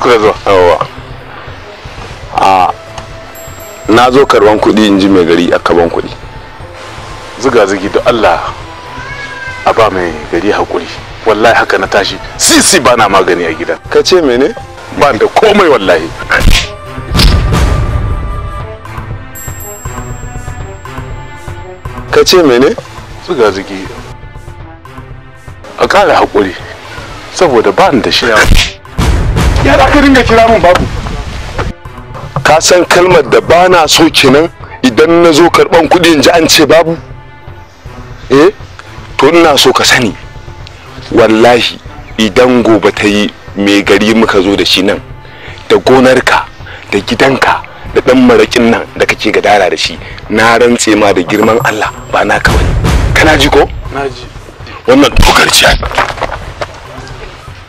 sannu kuka zo hawa a na zo karban kuɗi in ji mai gari a kaban kuɗi ziga-zigi da allah a ba mai gari haƙuri wallahi haka na tashi sisi ba na magani a gidan ka ce mene ba da komai wallahi ka ce mene ziga-zigi a ƙara haƙuri saboda ba da shi ya ka san kalmar da ba na so kenan idan na zo karban kuɗi in ji an ce babu eh to ina so ka sani wallahi idan gobe ta yi mai gari muka zo da shi nan da gonarka da gidanka da ɗan maraƙin nan da kake gadara da shi na rantse ma da girman Allah ba na kawai kana ji ko? na ji wannan dokar ce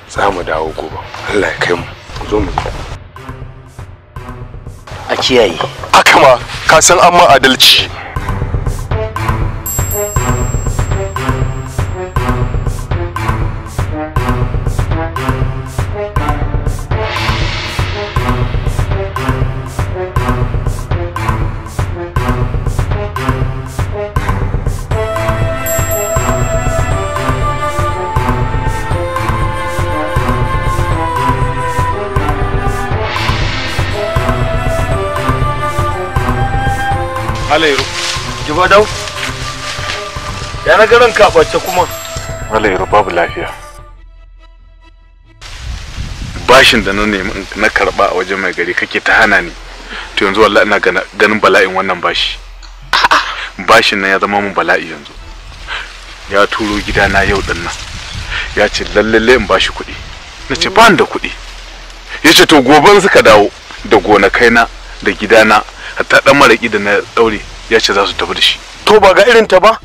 za mu dawo gobe Allah ya kai mu zo mu a kiyaye haka ma ka san an ma adalci Ya na kuma. babu lafiya. Bashin da na nemi na karɓa a wajen mai gari kake ta hana ni. To yanzu wallahi ina ganin bala'in wannan bashi. Bashin nan ya zama mun bala'i yanzu. Ya turo gidana yau din nan. Ya ce lalle in bashi kuɗi. Na ce ban da kuɗi. Ya ce to gobe suka dawo da gonakai na da gidana hatta ɗan maraƙi da na daure. ya ce za su tafi da shi to ba ga irin ta ba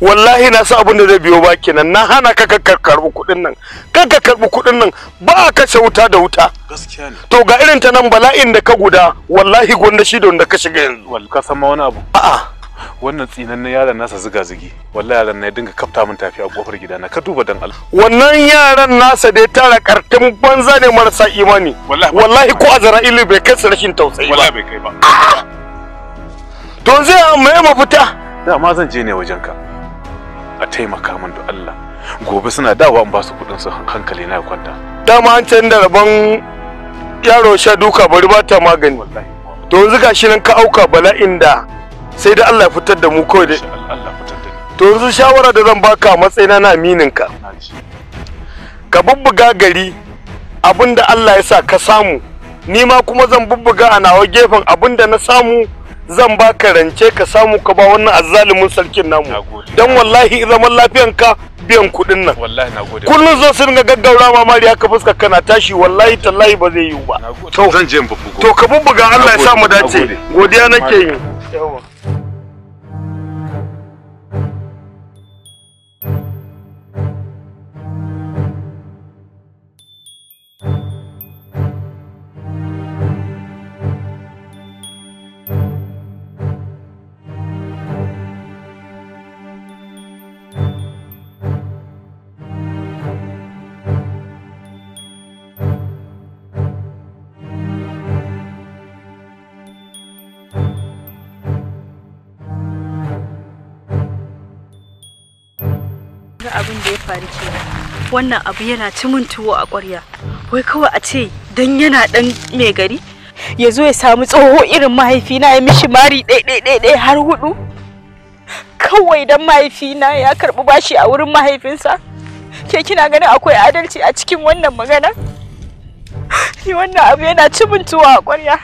wallahi na sa abin da zai biyo ba kenan na hana ka ka karbi kuɗin nan ka ka karbi kuɗin nan ba a kashe wuta da wuta gaskiya ne to ga irin ta nan bala'in da ka guda wallahi gwanda shi da wanda ka shiga yanzu wal ka san ma wani abu a'a wannan tsinannen yaron nasa ziga zigi wallahi yaron na ya dinga kafta min tafi a kofar gidana ka duba dan Allah wannan yaran nasa dai tara kartin banza ne marasa imani wallahi ko azra'ili bai kai rashin tausayi wallahi bai kai ba to zai mai mafita dama zan je ne wajenka a taimaka min da Allah gobe suna dawa in ba su kudin su hankali na ya kwanta dama an can da rabon yaro sha duka bari ba ta magani to yanzu gashi nan ka auka bala'in da sai da Allah ya fitar da mu kawai da to yanzu shawara da zan baka matsayina na aminin ka ka bubbuga gari abinda Allah ya sa ka samu ni ma kuma zan bubbuga a nawa gefen abinda na samu zan baka rance ka samu ka ba wannan azzalumin sarkin namu dan wallahi zaman lafiyanka biyan kuɗin nan kullum kullun zo su dinga gaggaura ma mari haka fuskar kana tashi wallahi tallahi ba zai yiwu ba to zan je in to ka bubbuga Allah ya sa mu dace godiya nake yi yawa wannan abu yana ci a ƙwarya wai kawai a ce dan yana dan mai gari ya zo ya samu tsoho irin mahaifina ya mishi mari ɗaiɗaiɗaiɗai har hudu kawai dan mahaifina ya karɓi bashi a wurin mahaifinsa ke kina ganin akwai adalci a cikin wannan magana ni wannan abu yana ci min tuwo a ƙwarya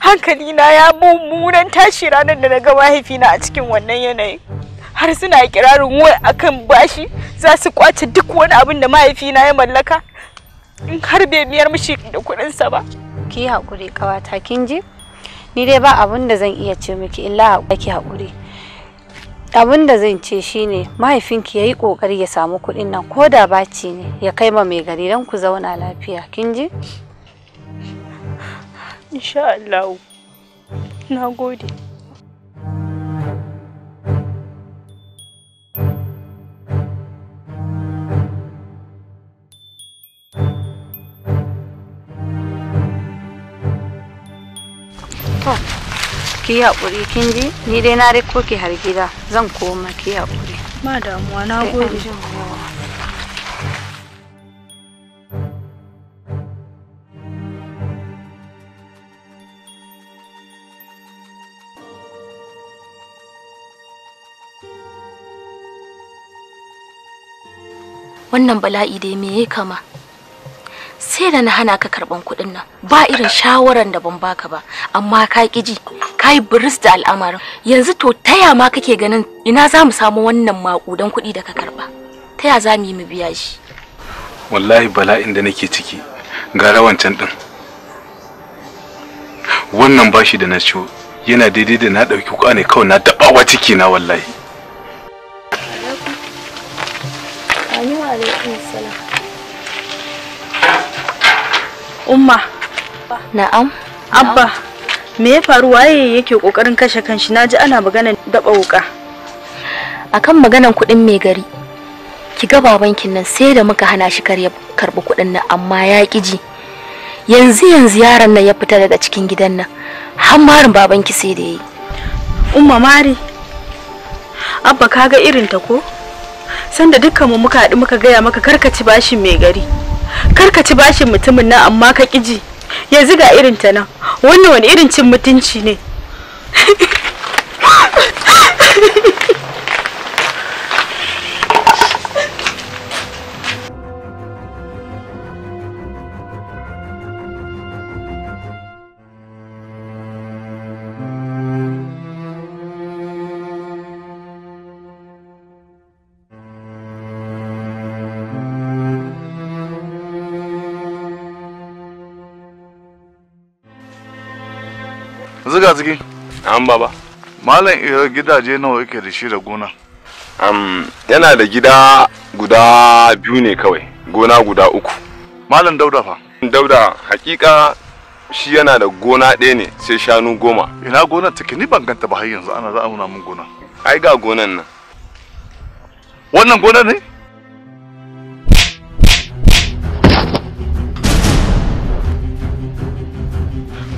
hankalina ya mummunan tashi ranar da na ga mahaifina a cikin wannan yanayin har suna kirarin wai akan bashi za su kwace duk wani abin da mahaifina ya mallaka in har bai miyar mishi da kuɗinsa ba ki haƙuri ƙawata kin ji ni dai ba abin da zan iya ce miki illa ki haƙuri abin da zan ce shine mahaifinki ya yi ƙoƙari ya samu kuɗin nan ko da baci ne ya kai ma mai gari don ku zauna lafiya kin ji insha Allah na gode ki haƙuri kin ji ni dai na riko ki har gida zan koma ki haƙuri ma damuwa na gode wannan bala'i dai me ya kama sai da na hana ka karban kuɗin nan ba irin shawaran da ban baka ba amma ka kiji ka yi buris da al'amarin yanzu to taya ma kake ganin ina za mu samu wannan maƙudan kuɗi da ka karba taya za mu yi mu biya shi wallahi bala'in da nake ciki ga rawancan ɗin wannan bashi da na ciwo yana daidai da na ɗauki kwane kawai na taɓawa ciki na wallahi Umma. Na'am. Abba. Me ya faru waye yake kokarin kashe kanshi naji ana maganar daba wuka. Akan maganar kuɗin mai gari. Ki ga babankin nan sai da muka hana shi karya karɓi kuɗin nan amma ya kiji Yanzu yanzu yaron nan ya fita daga cikin gidan nan. Har marin babanki sai da yayi. Umma Mari. Abba kaga irin ta ko? Sanda dukkanmu muka haɗu muka gaya maka karkaci bashin mai gari. kar ka ci bashin mutumin nan amma ka kiji yanzu ga irin ta nan wannan wani irin cin mutunci ne zuga zigi an baba malam ira eh, gidaje nawa yake da shi da gona um, yana da gida guda biyu ne kawai gona guda uku malam dauda fa dauda hakika shi yana da gona ɗaya ne sai shanu goma ina gonar take ni ban ganta ba har yanzu ana za a nuna min gona ai ga gonan nan wannan gona ne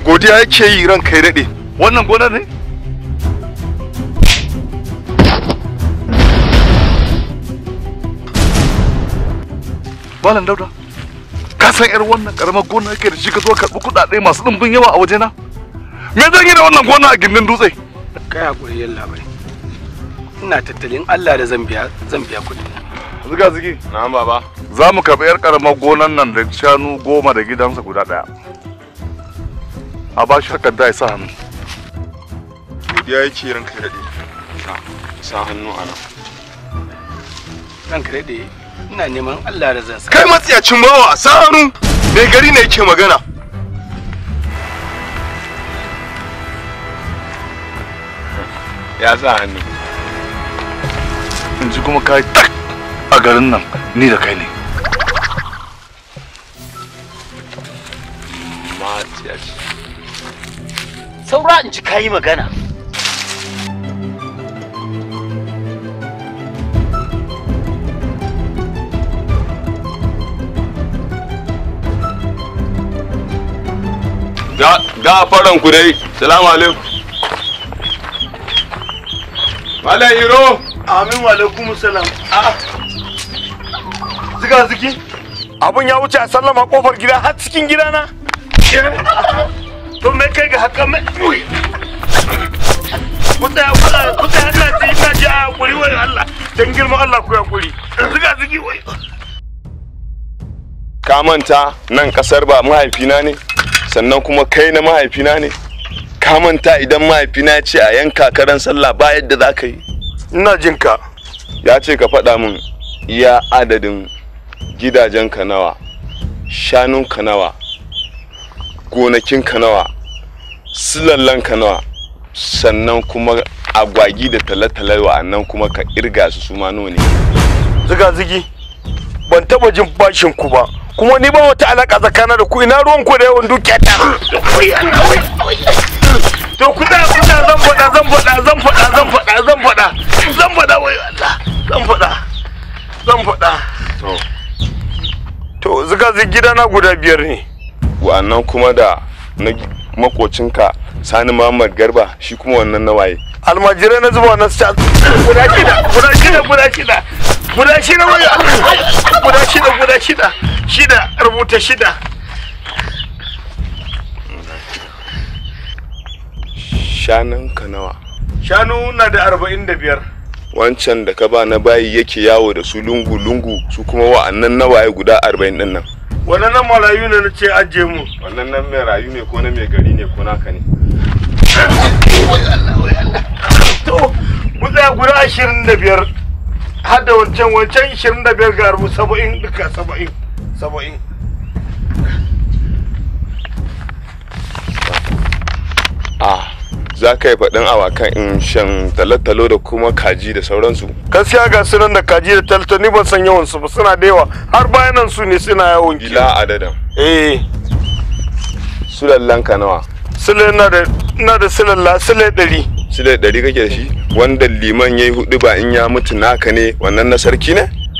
godiya yake yi ran kai daɗe wannan gonar ne Malam Dauda, ka san yar wannan karamar gona yake da shi ka zo karɓi kuɗaɗe masu ɗumbin yawa a waje na. Me zan yi da wannan gona a gindin dutse? Kai hakuri yalla bai. Ina tattalin Allah da zan biya zan biya kuɗi. Ziga zigi. Na'am baba. Za mu karɓi yar karamar gonan nan da shanu goma da gidansa guda ɗaya. a ba shi takarda ya sa hannu ya yake ranka daɗe sa hannu a nan ranka daɗe ina neman Allah da zan sa kai matsiyacin bawa sa hannu mai gari ne yake magana ya sa hannu in ji kuma kai tak a garin nan ni da kai ne saura in ji kayi magana ga faran ku dai salamu alaikum malam hiro amin wa alaikum salam ziga ziki abun ya wuce a sallama kofar gida har cikin gidana to me kai ga haka mai ku tsaya ku tsaya ji a hakuri wai Allah ka manta nan kasar ba mahaifina ne sannan kuma kai na mahaifina ne ka manta idan mahaifina ce a yanka karan sallah ba yadda za ka yi ina jin ya ce ka faɗa min iya adadin gidajen kanawa shanun kanawa gonakin kanawa sulallanka nawa sannan kuma agwagi da talatalai nan kuma ka irga su su mano ne ziga zigi ban taba jin bashin ku ba kuma ni ba wata alaka tsakanin da ku ina ruwan ku da yawan dukiya ta to ku da ku da zan faɗa zan faɗa zan faɗa zan faɗa zan faɗa zan faɗa wai Allah zan faɗa zan faɗa to to ziga zigi gidana guda biyar ne wa'annan kuma da na makocinka sani muhammad garba shi kuma wannan nawaye almajirai na zuba wannan shan guda shida guda shida guda shida guda shida waya guda shida guda shida shida rubuta shida shanun ka nawa shanu na da arba'in da biyar wancan da ka ba na bayi yake yawo da su lungu-lungu su kuma wa'annan nawaye guda arba'in din nan wannan nan marayu ne na ce ajiye mu wannan nan mai rayu ne ko na mai gari ne ko naka ne to mun za guda ashirin da biyar har da wancan wancan ashirin da biyar ga arbu saba'in duka saba'in saba'in ah za ka yi faɗin awakan in shan talotalo da kuma kaji da sauransu gaskiya ga sunan da kaji da talotalo ni ban san yawan su ba suna da yawa har nan su ne suna yawon ki ila adadan eh sulallan ka nawa sule na da na da sulalla sule ɗari sule ɗari kake da shi wanda liman ya yi hudu ba in ya mutu naka ne wannan na sarki ne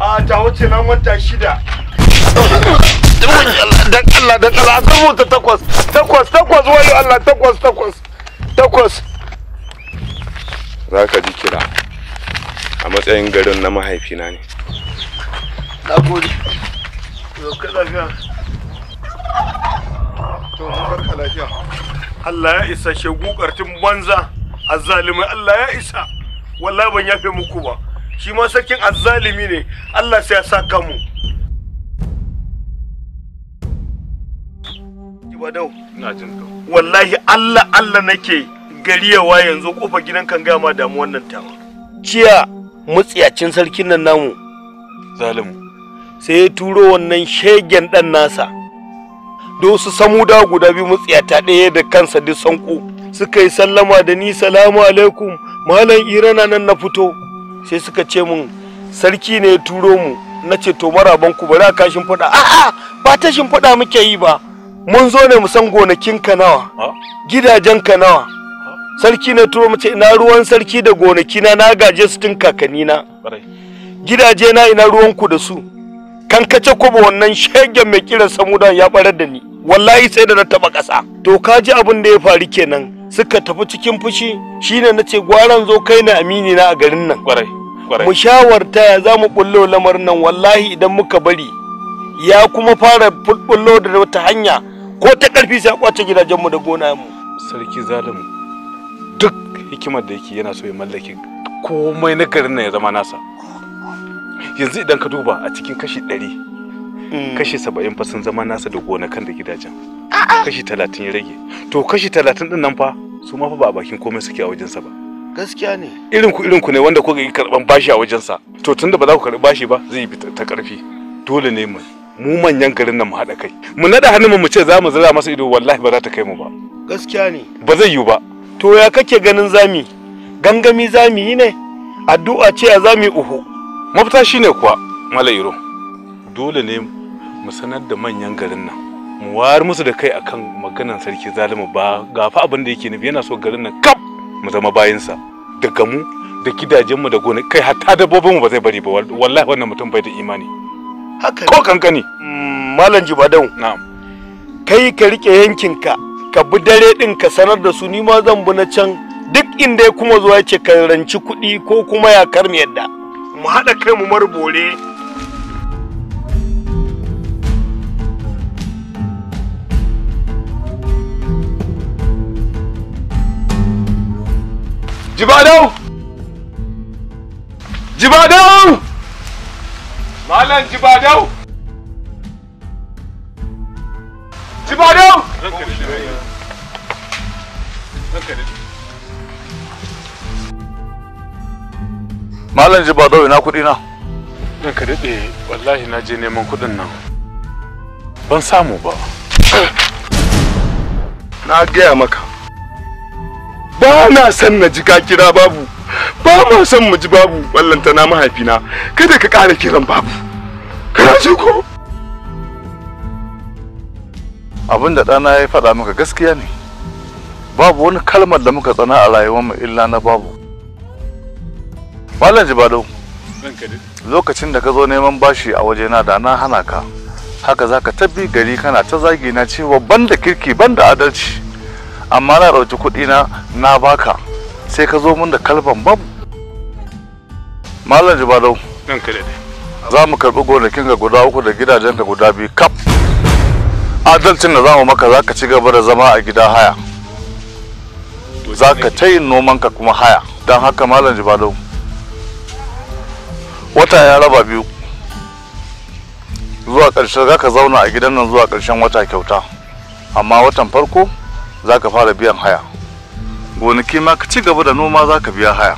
a ta wuce nan wata shida dan Allah dan Allah an rubuta takwas takwas takwas wayo Allah takwas takwas takwas za ka ji kira a matsayin garin na mahaifina ne na gode ka lafiya to barka lafiya Allah ya isa shegukartin banza a azzalimai Allah ya isa wallahi ban yafe muku ba shi ma sarkin azzalimi ne Allah sai ya saka mu Wadau, ina jin ka wallahi Allah Allah nake gariyawa yanzu kofa gidan kan gama damu wannan tawa ciya mutsiyacin sarkin nan namu zalimu sai ya turo wannan shegen dan nasa Do su samu da guda biyu mutsiyata ɗaya da kansa duk sanku. suka yi sallama da ni salamu alaikum malam irana nan na fito sai suka ce mun sarki ne turo mu na ce to maraban ku bari a kashin fada a'a ba ta shin fada muke yi ba mun zo ne mu san gonakin ka nawa gidajen ka nawa sarki ne turo mu ce ina ruwan sarki da gonaki na na gaje su tun kakanni na gidaje na ina ruwan ku da su kan kace ko ba wannan shegen mai kiran samudan ya barar da ni wallahi sai da na taba kasa to ka ji abin da ya faru kenan suka tafi cikin fushi shine nace gwaran zo kai na amini na a garin nan kwarai mu shawarta ya zamu bullo lamarin nan wallahi idan muka bari ya kuma fara bullo da wata hanya ko ta karfi sai kwace gidajen mu da gona mu sarki zalim duk hikimar da yake yana so ya mallake komai na garin nan ya zama nasa yanzu idan ka duba a cikin kashi ɗari Mm. kashi saba'in fa sun zama nasa da gonakan da gidajen kashi talatin ya rage to kashi talatin din nan fa su ma fa ba a bakin komai suke a wajensa ba gaskiya ne irin ku irin ku ne wanda kuka yi karban bashi a wajensa to tunda ba za ku karbi bashi ba zai bi ta karfi dole ne mu mu manyan garin nan mu haɗa kai mu naɗa hannun mu ce za mu zira masa ido wallahi ba za ta kai mu ba gaskiya ne ba zai yiwu ba to ya kake ganin zami gangami zami yi ne addu'a ce a zami uhu mafita shine kuwa malairo dole ne mu sanar da manyan garin nan mu wari musu da kai akan maganan sarki zalima ba gafa abin da yake nufi yana so garin nan kap mu zama bayansa daga mu da gidajenmu da gona kai hatta mu ba zai bari ba wallahi wannan mutum bai da imani haka ko kankani mm, malam jibadau na'am kai ka rike yankinka ka bi dare din ka sanar da su ni ma zan bi na can duk inda ya kuma zuwa ce ka ranci kuɗi ko kuma ya mu yadda mu haɗa kai mu marbore Jibadau! Jibadau! Malam Jibadau! Jibadau! Malam Jibadau ina kuɗi na? Ɗan ka daɗe wallahi na je neman kuɗin nan. Ban samu ba. Na gaya maka. ba na son na ji ka kira babu ba ma son mu ji babu wallanta na mahaifina kada ka ƙara kiran babu kana ji ko abin da ɗana ya faɗa maka gaskiya ne babu wani kalmar da muka tsana a rayuwar mu illa na babu malam jibado lokacin da ka zo neman bashi a wajena da na hana ka haka zaka tabbi gari kana ta zagi na cewa banda kirki banda adalci amma na ɗauki kuɗi na na baka sai ka zo mun da kalban babu malam jibalau za mu karɓi gonakin ga guda uku da gidajen ka guda biyu kaf adalcin da za mu maka za ka ci gaba da zama a gida haya za ka ta yin nomanka kuma haya don haka malam jibalau wata ya raba biyu zuwa ƙarshen za ka zauna a gidan nan zuwa ƙarshen wata kyauta amma watan farko za ka fara biyan haya gonaki ma ka ci gaba da noma za ka biya haya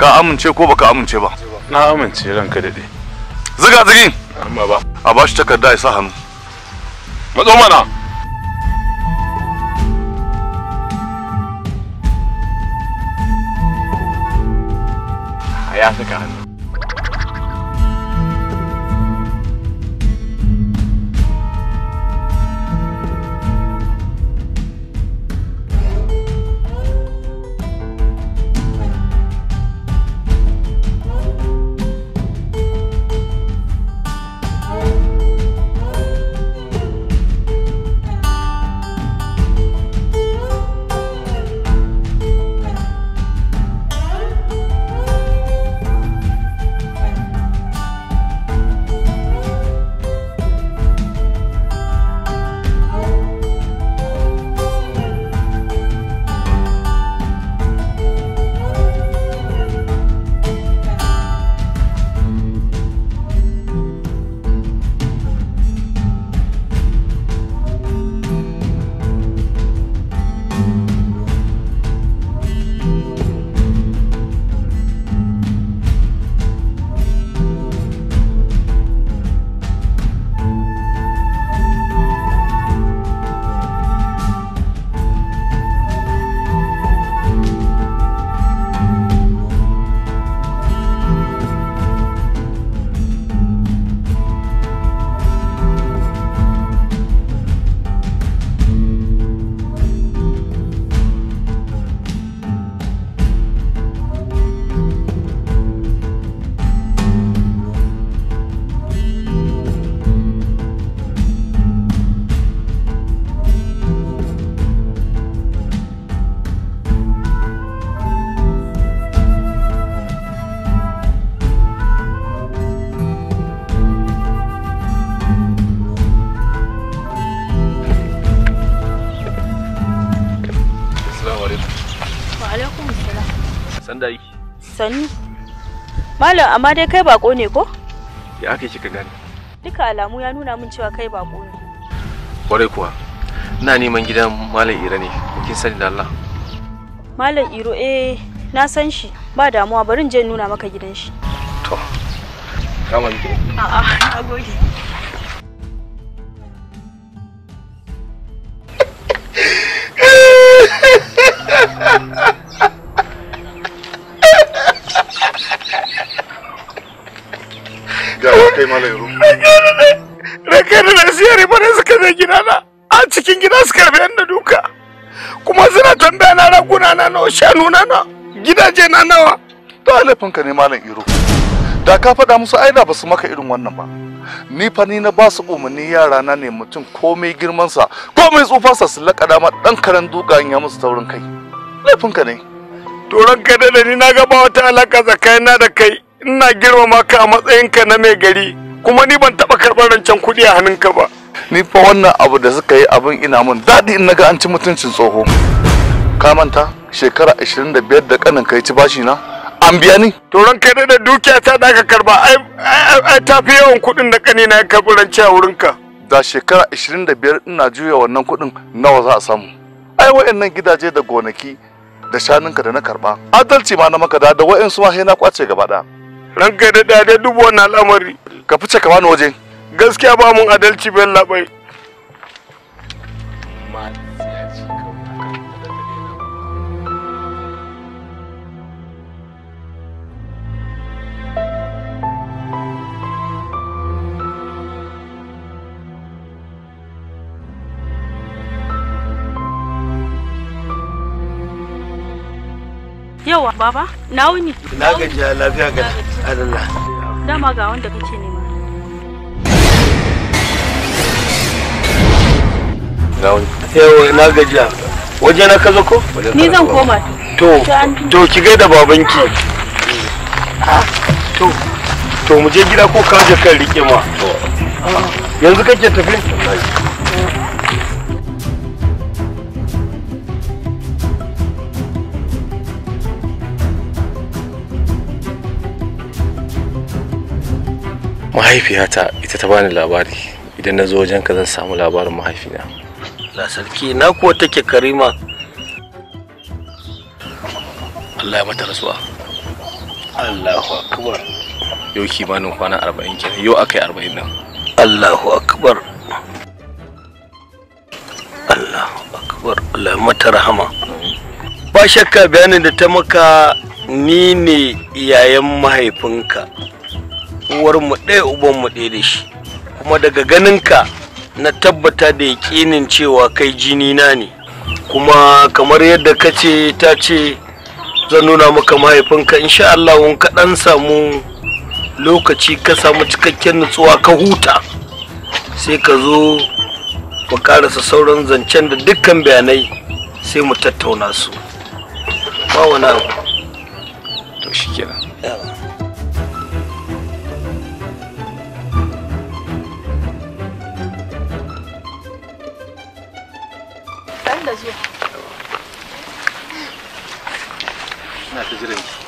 ka amince ko baka amince ba na amince ranka daɗe ziga zigi a ba shi takarda ya sa hannu matso mana ya saka hannu sani malam amma dai kai bako ne ko ya ake kika gani duka alamu ya nuna min cewa kai bako ne kwarai kuwa ina neman gidan malam ira ne kin sani da Allah malam iro eh na san shi ba damuwa bari in je nuna maka gidan shi to kama ni a'a na gode kai mala yaro raka da nasiyar bare suka zai gida na a cikin gida suka rabe da duka kuma suna tambaya na raguna na nawa shanu na na gidaje na nawa to laifin ne malam iro da ka faɗa musu aida ba su maka irin wannan ba ni fa ni na ba su umarni yara na ne mutum komai girmansa komai tsufansa su laƙada ma ɗan karen duka ya musu taurin kai laifin ka ne to ranka da ni na ga ba wata alaka na da kai ina girmama ka a matsayinka na mai gari kuma ni ban taba karɓar rancen kuɗi a hannunka ba ni fa wannan abu da suka yi abin ina mun daɗi in naga an ci mutuncin tsoho ka manta shekara 25 da kanin kai ci bashi na an biya ni to ran kai da dukiya ta da ka karba ai ta fi yawan kuɗin da kani na karɓi rance a wurin ka da shekara 25 ina juya wannan kuɗin nawa za a samu ai waannan gidaje da gonaki da shanunka da na karba adalci ma na maka da da wayansu ma sai na kwace gaba ɗaya ranka da dade duk wannan al'amari ka fice ka bani waje gaskiya ba mun adalci bayan labai Yawa baba, na wuni. Na gaji lafiya ga Allah. Dama ga wanda kake nema. Na wuni. Yawa na gaji. Waje na kazo ko? Ni zan koma. To, to ki ga da babanki. Ah, to, to mu je gida ko ka je kan rike ma. Yanzu kake tafi? mahaifiyata ita ta bani labari idan na zo wajenka zan samu labarin mahaifina na sarki na kuwa take karima Allah ya mata rasuwa Allahu akbar yau kimanin kwana arba'in kenan yau aka yi arba'in nan Allahu akbar Allahu akbar Allah ya mata rahama ba shakka bayanin da ta maka ni ne iyayen mahaifinka uwar mu ɗaya uban mu ɗaya da shi kuma daga ganin ka na tabbata da yaƙinin cewa kai jini na ne kuma kamar yadda ka ce ta ce zan nuna maka mahaifinka insha Allah wani kaɗan samu lokaci ka samu cikakken nutsuwa ka huta sai ka zo mu karasa sauran zancen da dukkan bayanai sai mu tattauna su ba wani abu to kira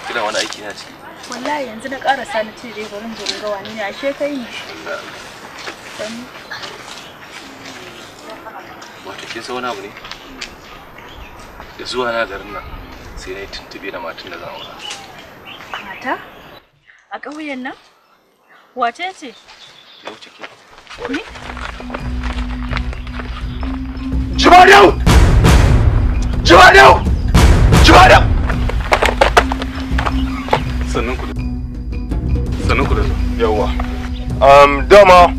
kina wani aiki na ciki wallahi yanzu na ƙara sani ce dai gurin gurin ga wani ne ashe kai ne wato kin san wani abu ne da zuwa na garin nan sai na yi tuntube da matan da zan aura mata a ƙauyen nan wace ce ya wuce ke ne Jibarau! Jibarau! Jibarau! um, dama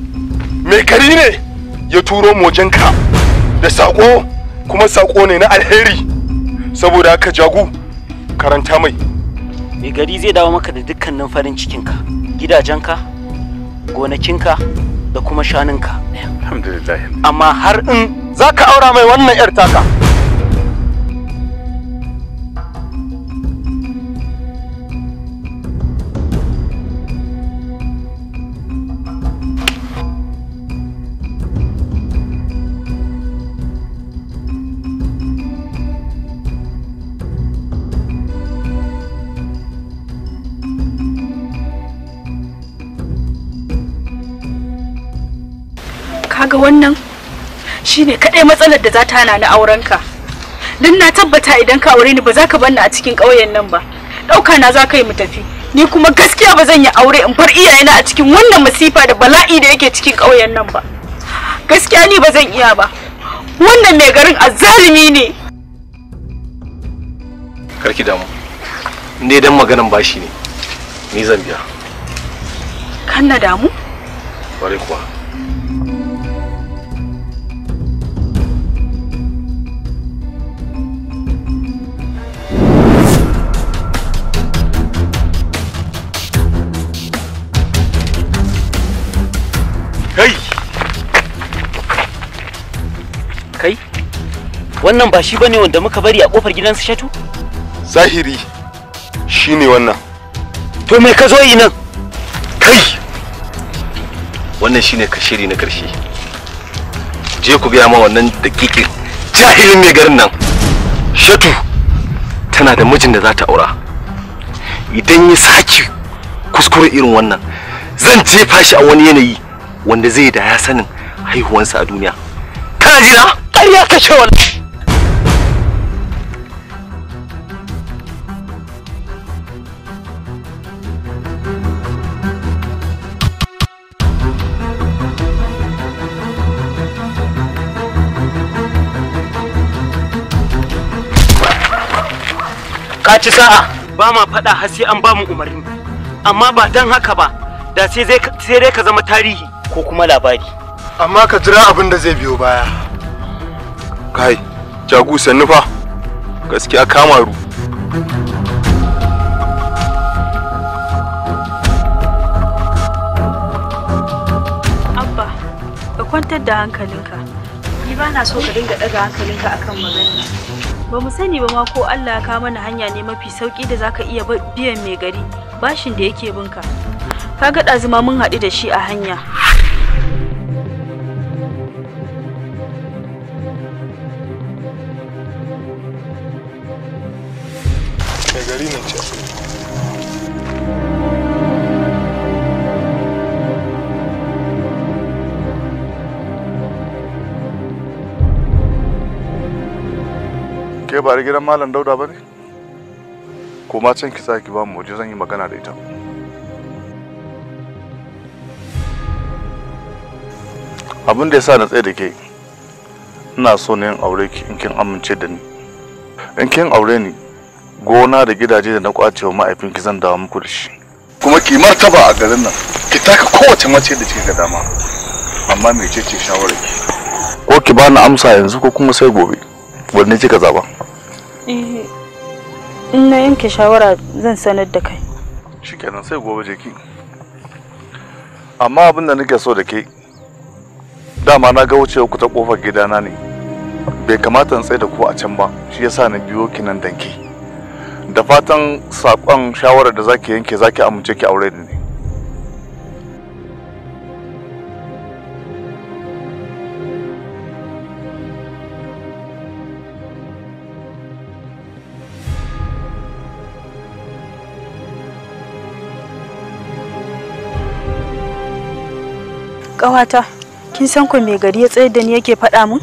mai kari ne ya turo mojenka da sako kuma sako ne na alheri saboda haka jagu karanta mai mai gari zai dawo maka da dukkanin farin cikinka gidajenka gonakinka da kuma shanunka alhamdulillah amma har in za ka aura mai wannan 'yar taka kaga wannan shine kadai matsalar da za ta hana ni auren ka don na tabbata idan ka aure ni ba za ka ni a cikin ƙauyen nan ba ɗauka na za ka yi mu tafi ni kuma gaskiya ba zan yi aure in bar iyayena a cikin wannan masifa da bala'i da yake cikin ƙauyen nan ba gaskiya ni ba zan iya ba wannan mai garin azzalimi ne karki damu ne dan maganan bashi ne ni zan biya kan na damu bare kuwa wannan ba shi bane wanda muka bari a kofar gidan shatu zahiri shine wannan to me ka zo yi kai wannan shine kashiri na karshe je ku gaya ma wannan dakikin jahilin mai garin nan shatu tana da mijin da za ta aura idan ya saki kuskure irin wannan zan jefa shi a wani yanayi wanda zai da ya sanin haihuwansa a duniya kana ji na wallahi kaci sa'a ba ma faɗa har sai an ba mu umarni amma ba dan haka ba da sai dai ka zama tarihi ko kuma labari amma ka jira abin da zai biyo baya kai jagu sannu fa gaskiya kamaru abba ka kwantar da hankalinka ni ba na so ka dinga ɗaga hankalinka akan magana ba mu sani ba ma ko Allah ya kawo mana hanya ne mafi sauki da zaka iya biyan mai gari bashin da yake binka kaga ɗazuma mun haɗu da shi a hanya gari ne ke ba da gidan malam dauda ba ne ma can ki ki ba mu je zan yi magana da ita abin da ya sa na tsaye da ke ina so ne in aure ki in kin amince da ni in kin aure ni gona da gidaje da na kwace wa ki zan dawo muku da shi kuma ki martaba a garin nan ki taka kowace mace da kika ga dama amma me ce ce shawara ko ki bani amsa yanzu ko kuma sai gobe wanne kika zaba eh na yanke shawara zan sanar da kai shikenan sai gobe je ki amma abin da nake so da ke dama na ga wucewa ku ta kofar gidana ne bai kamata in tsaye da ku a can ba shi yasa na biyo ki nan danke da fatan sakon shawarar da zaki yanke zaki amince ki aure ni Ƙawata, kin san ko mai gari ya tsayar da ni yake faɗa mun?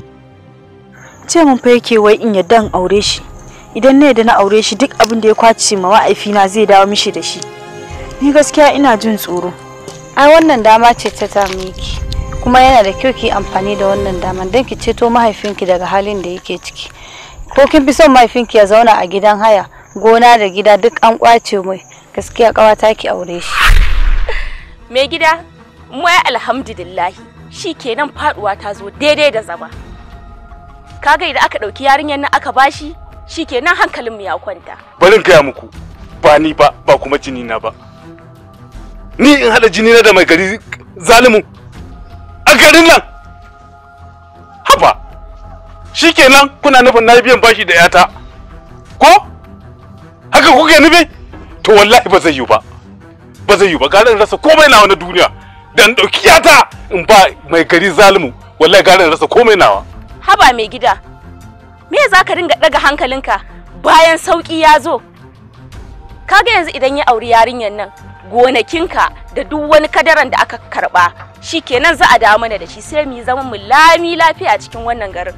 Ce mun fa yake wai in yadda dan aure shi. Idan na da na aure shi duk abin da ya kwace ma na zai dawo mishi da shi. Ni gaskiya ina jin tsoro. Ai wannan dama ce ta ta miki. Kuma yana da kyau ki amfani da wannan dama, don ki ceto mahaifinki daga halin da yake ciki. Ko kin fi son mahaifinki ya zauna a gidan haya, gona da gida duk an kwace mai. Gaskiya ƙawata ki aure shi. Me gida, mu ya alhamdulillahi shi kenan faduwa ta zo daidai da zama kaga idan aka ɗauki yarinyar nan aka bashi shi kenan hankalinmu ya kwanta barin gaya muku ba ni ba ba kuma jini na ba ni in hada jini na da mai gari zalimin a garin nan haba shi kenan kuna nufin na biyan bashi da yata ko haka kuke nufi to wallahi ba zai yi ba ba zai yi ba garin rasa komai na wani duniya dan dauki yata in ba mai gari zalimu wallahi gare na rasa komai nawa haba mai gida me za ka dinga daga hankalinka bayan sauƙi ya zo kaga yanzu idan ya auri yarinyar nan gonakinka da duk wani kadaran da aka karɓa shi shikenan za a dawo mana da shi sai mu zama mu lami lafiya cikin wannan garin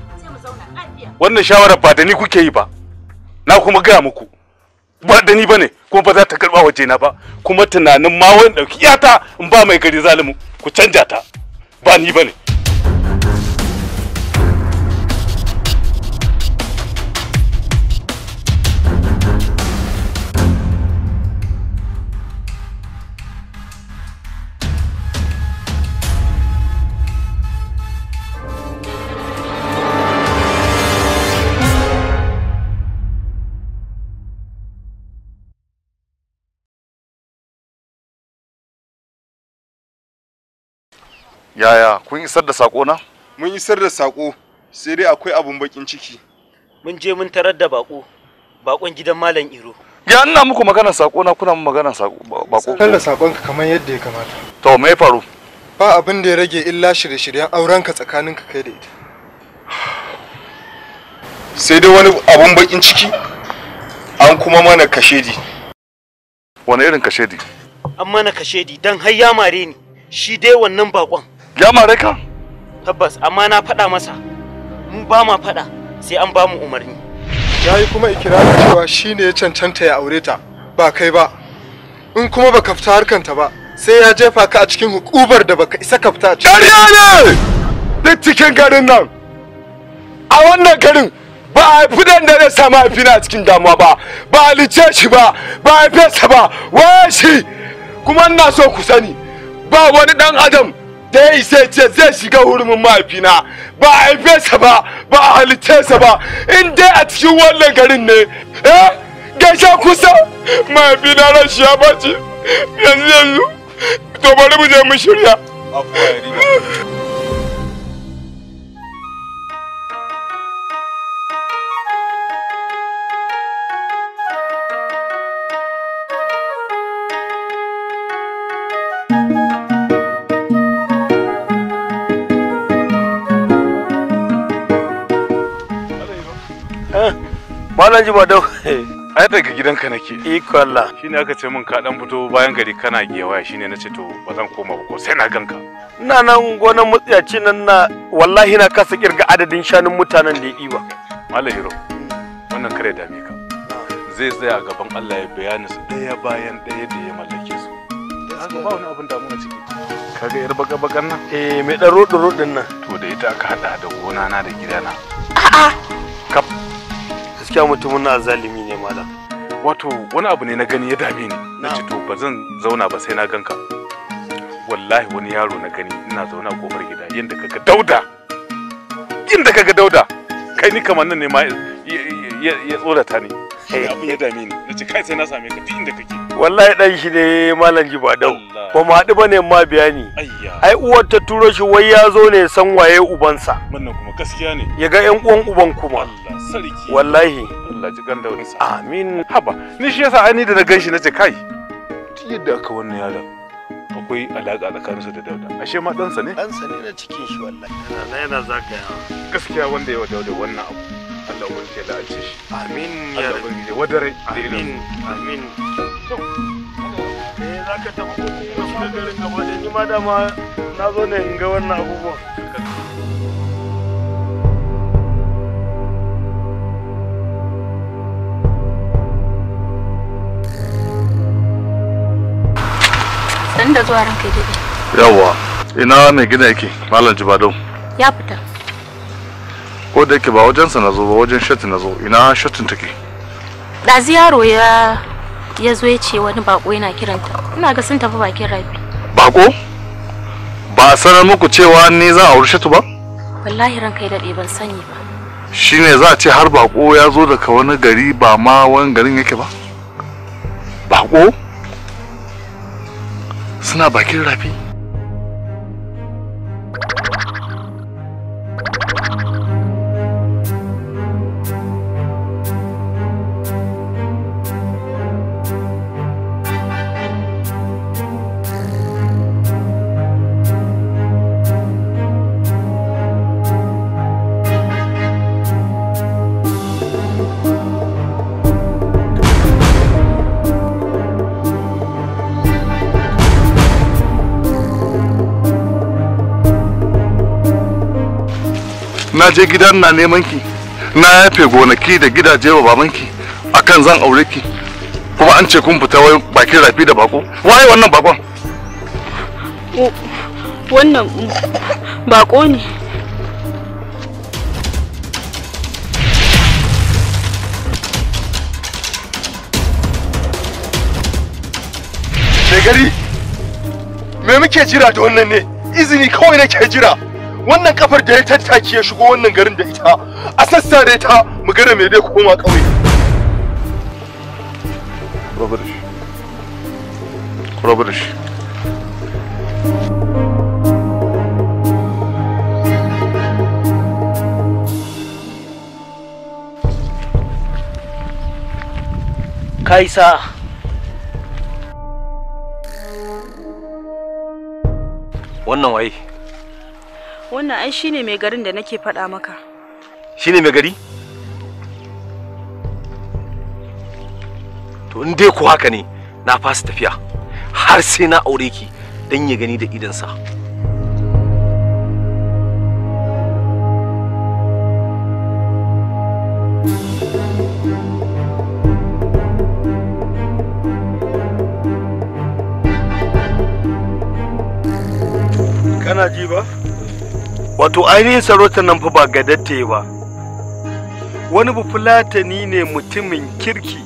wannan shawarar ba da ni kuke yi ba na kuma gaya muku ba da ni bane kuma ba za ta karba waje na ba kuma tunanin ma wani dauki iyata in ba mai gari zalimu ku canja ta ba ni bane Yaya kun isar da sako na? Mun isar da sako sai dai akwai abun bakin ciki. Mun je mun tarar da bako, bakon gidan Malam Iro. Ya ina muku magana sako na kuna magana sako bako. Isar da sakon ka kamar yadda ya kamata. To me faru? Ba abin da ya rage illa shirye-shiryen auren ka tsakanin ka kai da ita. Sai dai wani abun bakin ciki an kuma mana kashedi. Wani irin kashedi? An mana kashedi dan har ya mare ni. Shi dai wannan bakon. ya mare ka tabbas amma na faɗa masa mu ba ma faɗa sai an ba mu umarni ya yi kuma ikirarin cewa shi ne ya cancanta ya aure ta ba kai ba in kuma baka fita ta ba sai ya jefa ka a cikin hukubar da baka isa ka fita a cikin ne duk cikin garin nan a wannan garin ba a haifi dan da zai a cikin damuwa ba ba a lice shi ba ba a haife ba waye shi kuma ina so ku sani ba wani dan adam da ya isa ce zai shiga hurumin mahaifina ba a haife sa ba ba a halice sa ba in dai a cikin wannan garin ne eh gaishe kusa mahaifina rashi ya bace yanzu yanzu to bari mu je mu shirya ba dau Ai daga gidanka nake. Iko Allah. Shine aka ce min ka dan fito bayan gari kana gewaya shine na ce to ba zan koma ba ko sai na ganka. Ina nan gonan mutsiyaci nan na wallahi na kasa kirga adadin shanun mutanen da ya iwa. Malam Hiro. Wannan kare dame ka. Zai tsaya a gaban Allah ya bayani su daya bayan daya da ya mallake su. Ba wani abin damuwa ciki. Kaga yar baka bakan nan? Eh me dan rodo rodin nan. To da ita aka hada da gona na da gidana. A'a. gaskiya mutumin na zalimi ne mala wato wani abu ne na gani ya dame ni na ji to ba zan zauna ba sai na ganka wallahi wani yaro na gani ina zauna a kofar gida yadda kaga dauda yadda kaga dauda kai ni kamar nan ne ma ya tsorata ni eh. abin ya dame ni na ce kai sai na same ka duk inda kake wallahi dan shi ne malam jibadau ba mu haɗu bane ma bayani ai uwar ta turo shi wai ya zo ne san waye ubansa wannan kuma gaskiya ne ya ga yan uwan uban kuma Allah sarki wallahi Allah ji amin haba ni shi yasa ani da na ganshi nace kai yadda aka wannan yaron akwai alaƙa tsakaninsu da dauda ashe ma ɗansa ne ne na cikin shi wallahi na yana zagayawa gaskiya wanda ya dauda wannan abu Allah wani ke shi amin ya da wadare amin amin zaka ko kuma shi garin gaba da ni ma dama na zo ne in ga wannan abubuwan sannu zuwa ranka ina mai gina yake malam jibadau ya fita ko da yake ba wajensa na zo ba wajen shatin na zo ina shatin take ɗazi yaro ya ya zo ya ce wani bako yana kiranta ina ga sun tafi bakin bako ba a sanar muku cewa ni za a aure shatu ba wallahi ranka ya daɗe ban sani ba shine za a ce har bako ya zo daga wani gari ba ma wani garin yake ba bako suna bakin rafi na je gidan na neman ki na yafe gonaki da gidaje wa ki akan zan aure ki kuma an ce kun fita wai bakin rafi da bako waye wannan bakon wannan bako ne gari me muke jira da wannan ne izini kawai nake jira wannan kafar da ya tattaki ya shigo wannan garin da ita a sassare ta mu gane me dai ku koma ƙauye Robert Robert Kaisa wannan waye Wannan ai shine mai garin da nake faɗa maka. Shine mai gari? To in dai ko haka ne na fasa tafiya har sai na aure ki don ya gani da idansa. Kana ji ba? wato ainihin sarautar nan fa ba gadatte ba wani bu fulatani ne mutumin kirki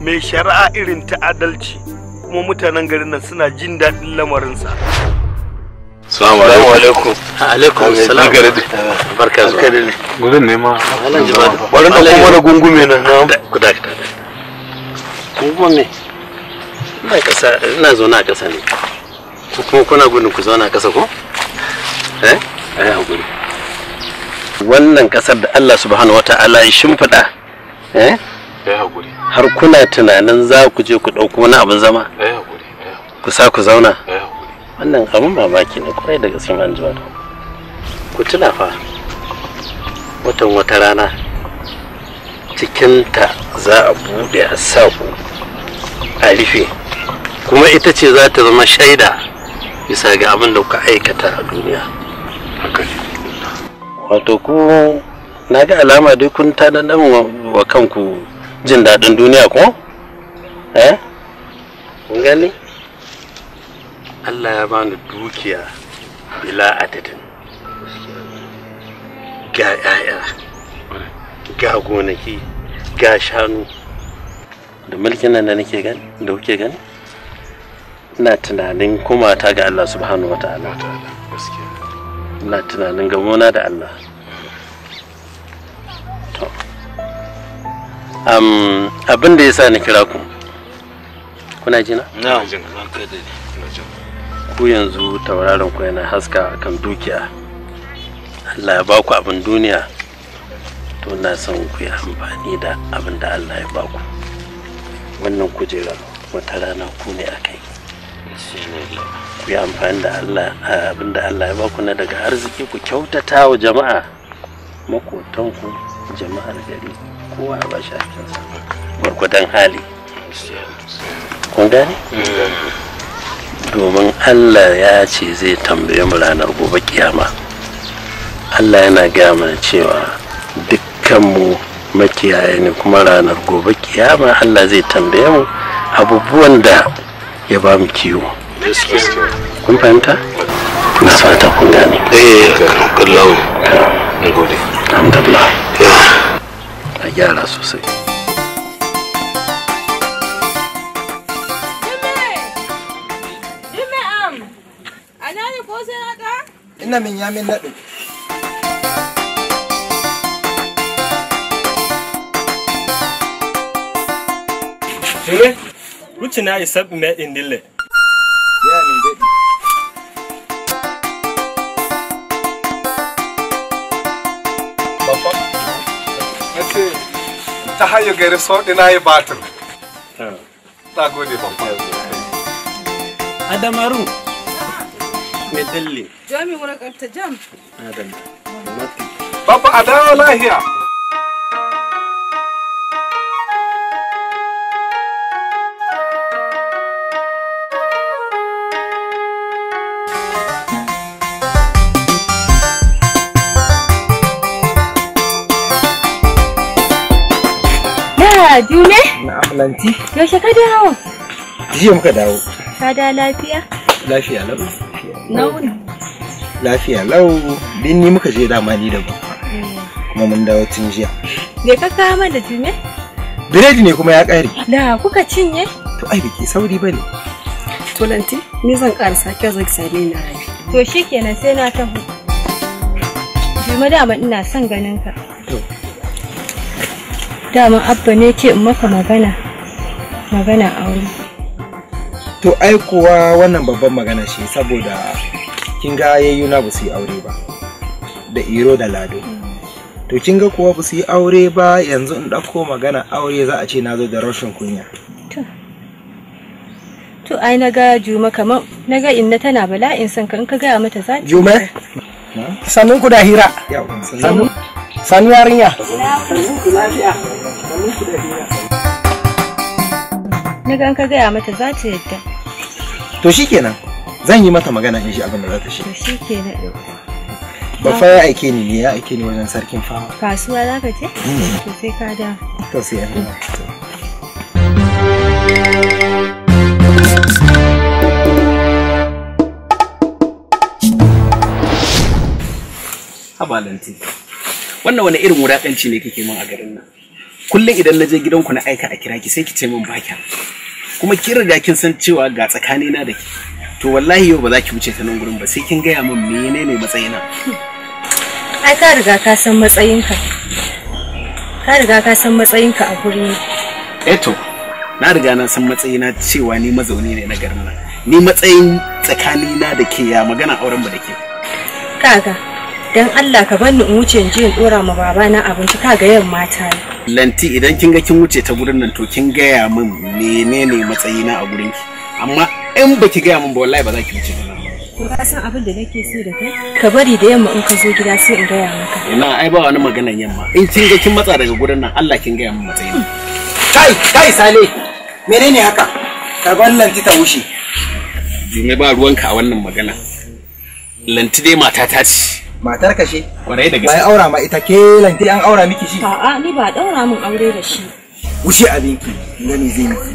mai shari'a irin ta adalci kuma mutanen garin nan suna jin daɗin lamarinsa Salamu alaikum. Alaikum salam. Barka zuwa. Gudun ne ma. Bari da kuma da gungume nan na. Guda guda. Gungume ne. Ina kasa ina zauna a kasa ne. Ku kuma kuna gudun ku zauna a kasa ko? Eh? wannan ƙasar da Allah subhanahu wa ta'ala ya shimfiɗa eh har kuna tunanin za ku je ku ɗauko wani abin zama ku sa ku zauna wannan abin mamaki ne kwarai da gaske man ji ku tuna fa watan wata rana cikinta za a buɗe a sa a rufe kuma ita ce za ta zama shaida bisa ga abin da kuka aikata a duniya wato ku na ga alama dai kun ta dan wa kanku jin daɗin duniya ko eh kun gani Allah ya bani dukiya bila adadin ga ‘ya'ya ga gonaki ga shanu da mulkin nan da nake gani da kuke gani ina tunanin kuma ta ga Allah subhanahu wa ta'ala ina tunanin gamona da Allah um, abin da ya sa ni kira ku kuna jina? na jina ku yanzu tauraron ku yana haska kan dukiya Allah ya baku abin duniya to na son ku yi amfani da abin da Allah ya baku wannan kujera wata rana ku ne a kai ku yi amfani da Allah abin da Allah ya ba ku na daga arziki ku kyautata wa jama'a ku jama'ar gari kowa ba shi hakinsa gwargwadon hali kun gane domin Allah ya ce zai tambaye mu ranar gobe kiyama Allah yana gaya mana cewa dukkanmu makiyaye ne kuma ranar gobe kiyama Allah zai tambaye mu abubuwan da ya ba mu kiwo kun fahimta na fata kun gane eh kallahu nagode alhamdulillah a gyara sosai ina min yamin naɗin Rucina isab me indile. ta hayo gari sau ɗina yi batir. ta gode babba. Adamaru. Me dalle. Jami wurin ƙarta jam. Adam. Babba a dawo lahiya. awa Na amalanti. Yaushe ka dawo? Jiya muka dawo. Ka da lafiya? Lafiya lau. Lau Lafiya lau. Din ni muka je dama ni da ku. Kuma mun dawo tun jiya. Me ka kawo mana jume? Biredi ne kuma ya ƙare. Da kuka cinye? To ai biki sauri ba ne. To lanti, ni zan ƙarasa sake zaki same ni a To shikenan sai na taho. Jume dama ina son ganin ka. dama abba ne ce in maka magana magana aure to ai kuwa wannan babban magana shi saboda kin ga na ba su yi aure ba da iro da lado to kin ga kuwa ba su yi aure ba yanzu in ɗauko magana aure za a ce na zo da rashin kunya to ai na ga juma kamar na ga inna tana bala'in san ka in ka gaya mata za juma sannun ku da hira Sannu, yarinya hannun da na gan ka gaya mata za ta yadda to shikenan zan yi mata magana in shi abin da za ta shi to shikenan ba fa ya aike ni ne ya aike ni wajen sarkin fama kasuwa za ka je mm. to sai ka da to sai an Haba lantin. Wannan wani irin wulaƙanci ne kake mun a garin nan? kullum idan na je gidanku na aika a kira ki sai ki ce min baki kuma kin riga kin san cewa ga tsakanina da ki to wallahi yau ba za ki wuce ta nan gurin ba sai kin gaya min menene matsayina ai ka riga ka san matsayinka ka riga ka san matsayinka a gurin eh to na riga na san matsayina cewa ni mazauni ne na garin nan ni matsayin tsakanina da ke ya magana auren ba da ke kaga dan Allah ka ni in wuce in je in dora ma babana abinci kaga yan mata ne lanti idan kin ga kin wuce ta gurin nan to kin gaya min menene matsayina a gurin ki amma in baki gaya min ba wallahi ba za ki wuce ba ka san abin da nake so da kai ka bari da yamma in ka zo gida sai in gaya maka ina ai ba wani maganan yamma in kin ga kin matsa daga gurin nan Allah kin gaya min matsayina. kai kai sale menene haka karban lanti ta wuce jume ba ruwanka a wannan magana lanti dai mata ta ce matar ka ce kwarai da gaske bai aura ma ita ke lanti an aura miki shi a'a ni ba daura min aure da shi wuce abinki ngani zai miki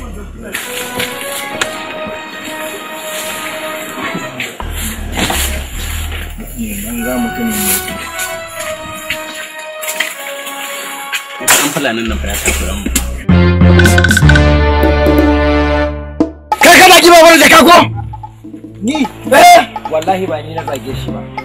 an ga mutum ne an fulanin kar da kako ni eh wallahi ba ni na zage shi ba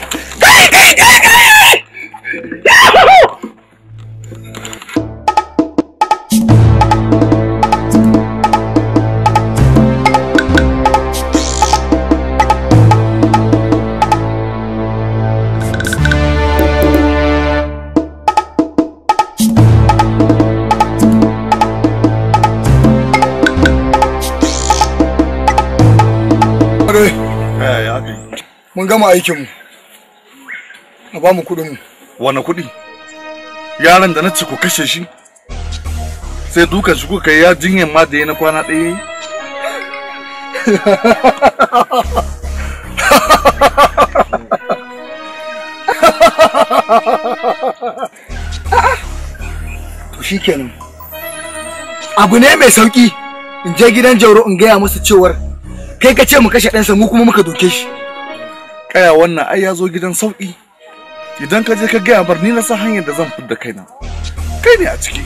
gama aikin mu a ba mu kuɗin wani kuɗi yaron da na ci ku kashe shi sai dukan shi kuka ya jinyar ma da ya na kwana ɗaya to kenan abu ne mai sauki in je gidan jauro in gaya musu cewar kai ka ce mu kashe ɗansa mu kuma muka doke shi kaya wannan ai yazo zo gidan sauki idan ka je ka gaya bar ni na san hanyar da zan fidda kaina kai ne a ciki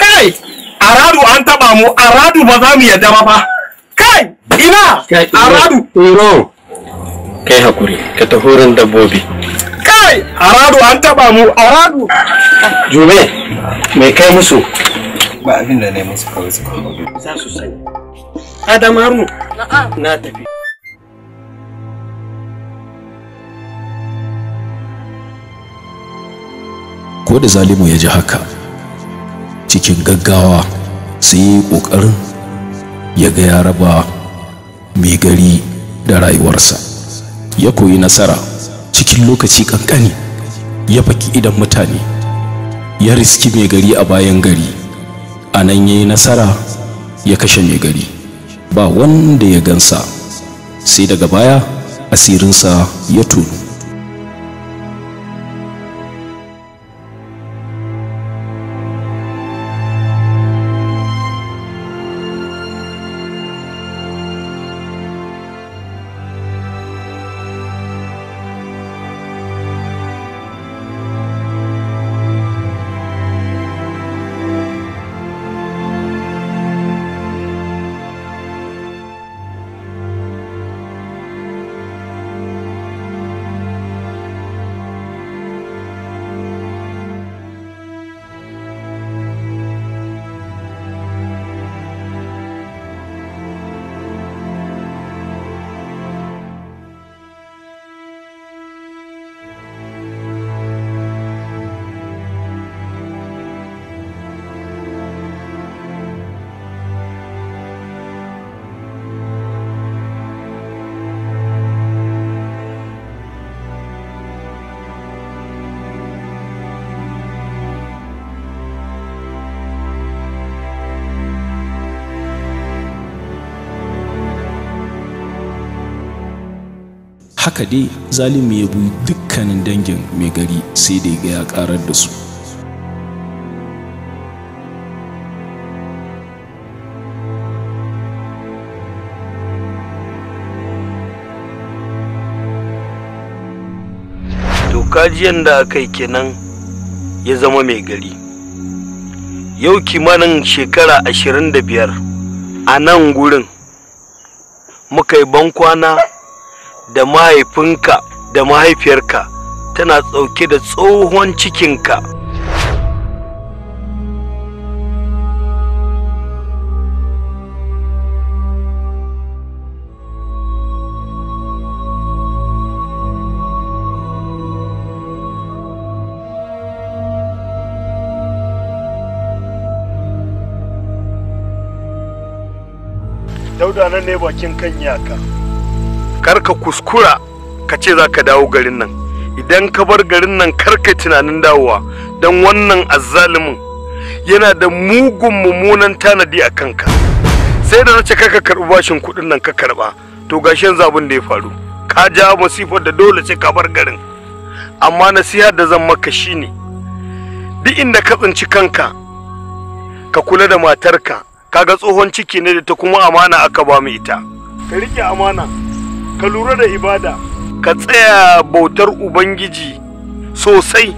kai aradu an taba mu aradu ba za mu yadda ba fa kai ina aradu iro kai hakuri ka tahorin dabbobi kai aradu an taba mu aradu jume mai kai musu ba abin na yi kawai su za na tafi ko da zalimu ya ji haka cikin gaggawa sai yi ƙoƙarin ya ga ya raba mai gari da rayuwarsa ya koyi nasara cikin lokaci ƙanƙani ya faki idan mutane ya riski mai gari a bayan gari a nan ya yi nasara ya kashe mai gari ba wanda ya gansa sai daga baya asirinsa ya tunu haka dai zalimi ya bi dukkanin dangin mai gari sai da ya karar da su kajiyan da aka yi kenan ya zama mai gari yau kimanin shekara ashirin da biyar a nan gurin muka yi bankwana da mahaifinka da mahaifiyarka tana tsauke da tsohon cikinka dauda nan ne bakin kan iyaka karka kuskura ka ce za ka dawo garin nan idan ka bar garin nan karka tunanin dawowa don wannan azzalumin yana da mugun mummunan tanadi a kanka sai da nace kaka karɓi bashin kuɗin nan ka karɓa to gashin zabin da ya faru ka ja masifar da dole ce ka bar garin amma nasiha da zan maka shine duk inda ka tsinci kanka ka kula da matarka kaga tsohon ciki ne da ta kuma amana aka ba mu ita ka riƙe amana ka lura da ibada ka tsaya bautar ubangiji sosai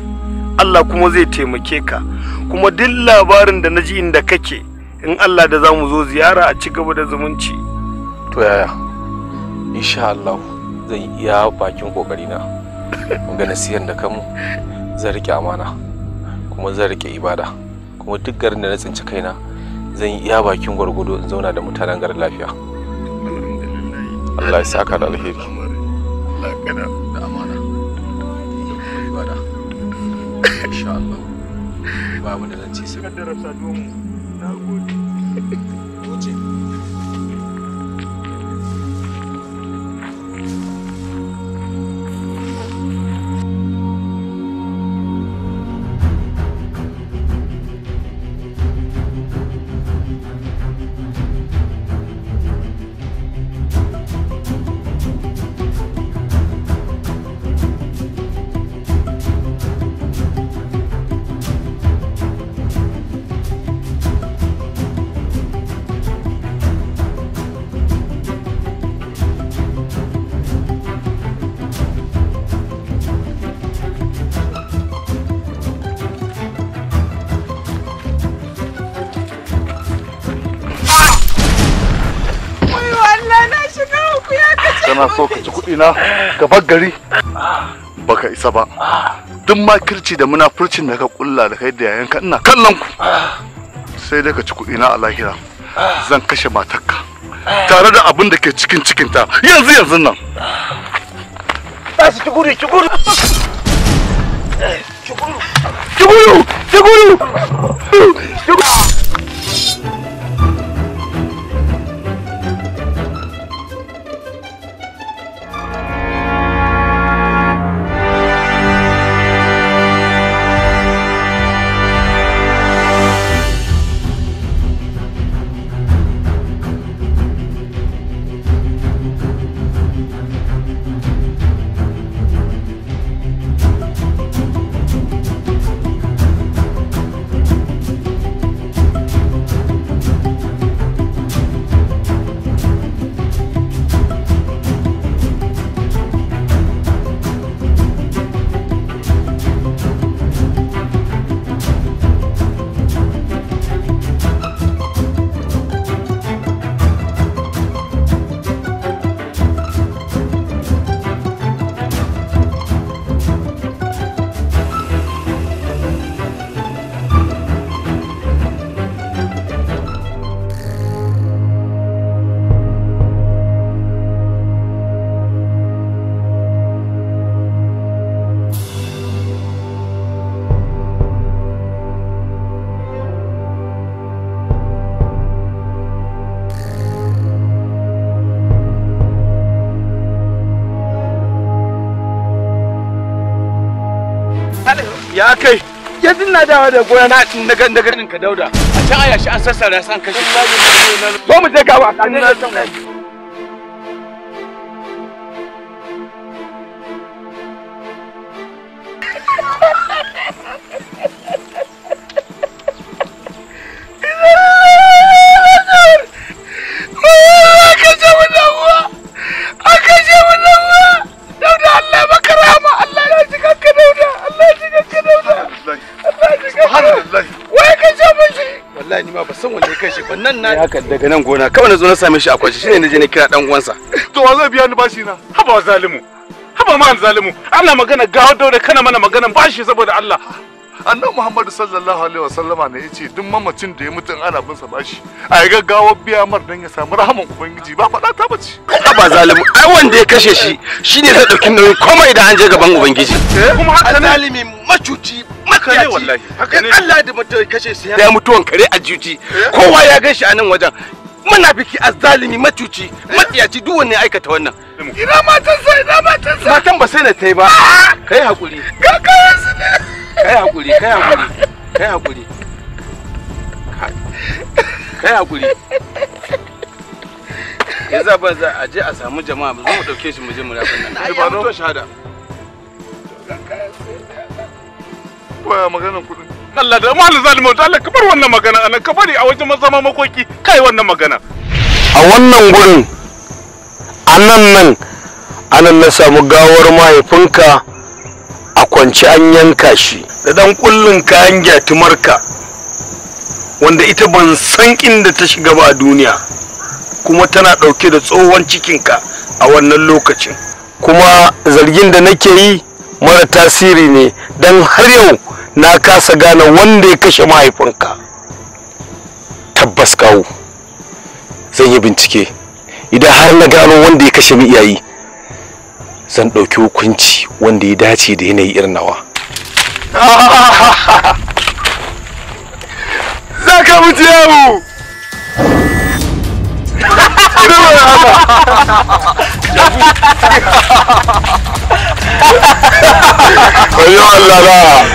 Allah kuma zai taimake ka kuma duk labarin da na ji inda kake in Allah da zamu zo ziyara a ci gaba da zumunci to yaya insha Allah zan iya bakin kokari na ga nasiyar da kamu zan rike amana kuma zan rike ibada kuma duk garin da na tsinci kaina zan iya bakin gwargwado zauna da mutanen garin lafiya Allah ya saka da alheri da amana da insha Allah ba mu da zance sai na gode so ka ci kuɗi na ka bar gari baka isa ba duk makirci da munafurcin da ka kulla da kai da yayan ka ina kallon ku sai dai ka ci kuɗi na a lahira zan kashe matarka tare da abin da ke cikin cikinta yanzu yanzu nan Tashi ki gudu sai din na dawo da gona na daga daga ka dauda a can aya shi an sassara san kashi to mu je ka ba kan shi ba nan na haka daga nan gona kawai na zo na same shi a kwance shine na je na kira dan uwansa to wa zai biya ni bashi na haba zalimu haba ma zalimu ana magana gawo daure kana mana magana bashi saboda Allah annabi muhammadu sallallahu alaihi wasallama ne yace duk mamacin da ya mutu ana bin sa bashi a yi gaggawar biya mar dan ya samu rahaman ubangiji ba faɗa ta bace ba zalimu ai wanda ya kashe shi shine zai dauki nauyin komai da an je gaban ubangiji eh, kuma haka zalimi macuci kare wallahi haka ne Allah da mutum kashe sai ya mutuwan kare a juji eh? kowa ya gan shi a nan wajen munafiki azzalimi matuci eh? matsiyaci duk wanne aikata wannan ina matan sa ina matan sa matan ba sai na tai ba ah! kai hakuri kakawa su ne kai hakuri kai hakuri kai hakuri kai hakuri yanzu ba za a je a samu jama'a ba zo mu dauke shi mu je mu rafin nan ba mutuwa shahada Baya Allah da Allah ka bar wannan magana anan ka bari a wajen makoki kai wannan magana. A wannan gurin nan nan anan na samu gawar mahaifinka a kwance an yanka shi da dan kullun kayan gyatumarka wanda ita ban san inda ta shiga ba a duniya kuma tana ɗauke da tsohon cikinka a wannan lokacin kuma zargin da nake yi mara tasiri ne don har yau na kasa gane wanda ya kashe mahaifinka tabbas kawo zan yi bincike idan har na gano wanda ya kashe mi iyayi zan ɗauki hukunci wanda ya dace da yanayi irin nawa za ka mutu yawo Wallahi Allah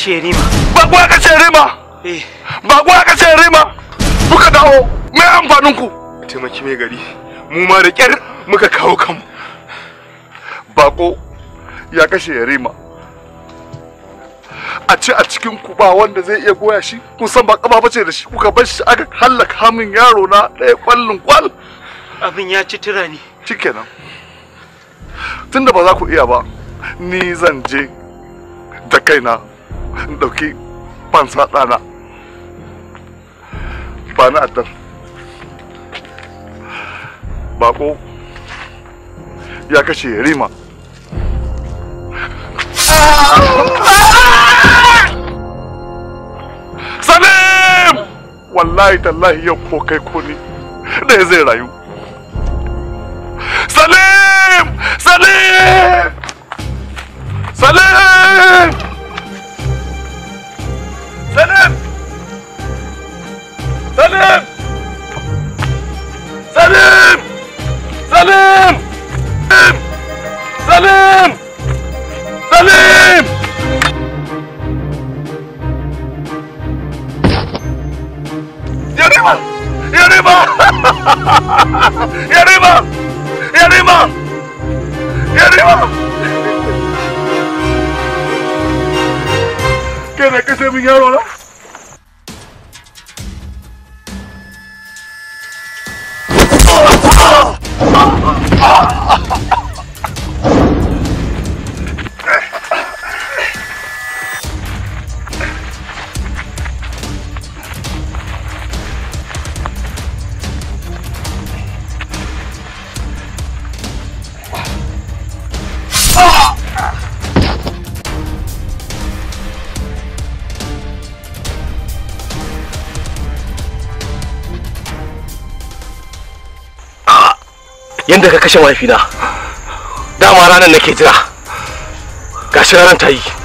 kashe rima baƙo a kashe rima eh. baƙo a kashe rima kuka dawo mai amfanin ku taimaki mai gari mu ma da ƙyar muka kawo kanmu baƙo ya kashe rima a ce a cikin ku ba wanda zai iya goya shi kun san ba kaba bace da shi kuka bar shi aka hallaka min yaro na ɗaya kwallin kwal abin ya ci tura ne shikenan tunda ba za ku iya ba ni zan je da kaina ɗauki fansa ɗana ba na addan bako ya kashe rima salim wallahi tallahi yau ko kai ko ni ɗaya zai rayu salim salim salim سلام سلام سلام سلام سلام سلام يا ريما يا ريما يا ريما يا ريما يا ريما de que se viñero, ahora? yadda ka kashe mahaifina dama ranar nake jira gashi ranar ta yi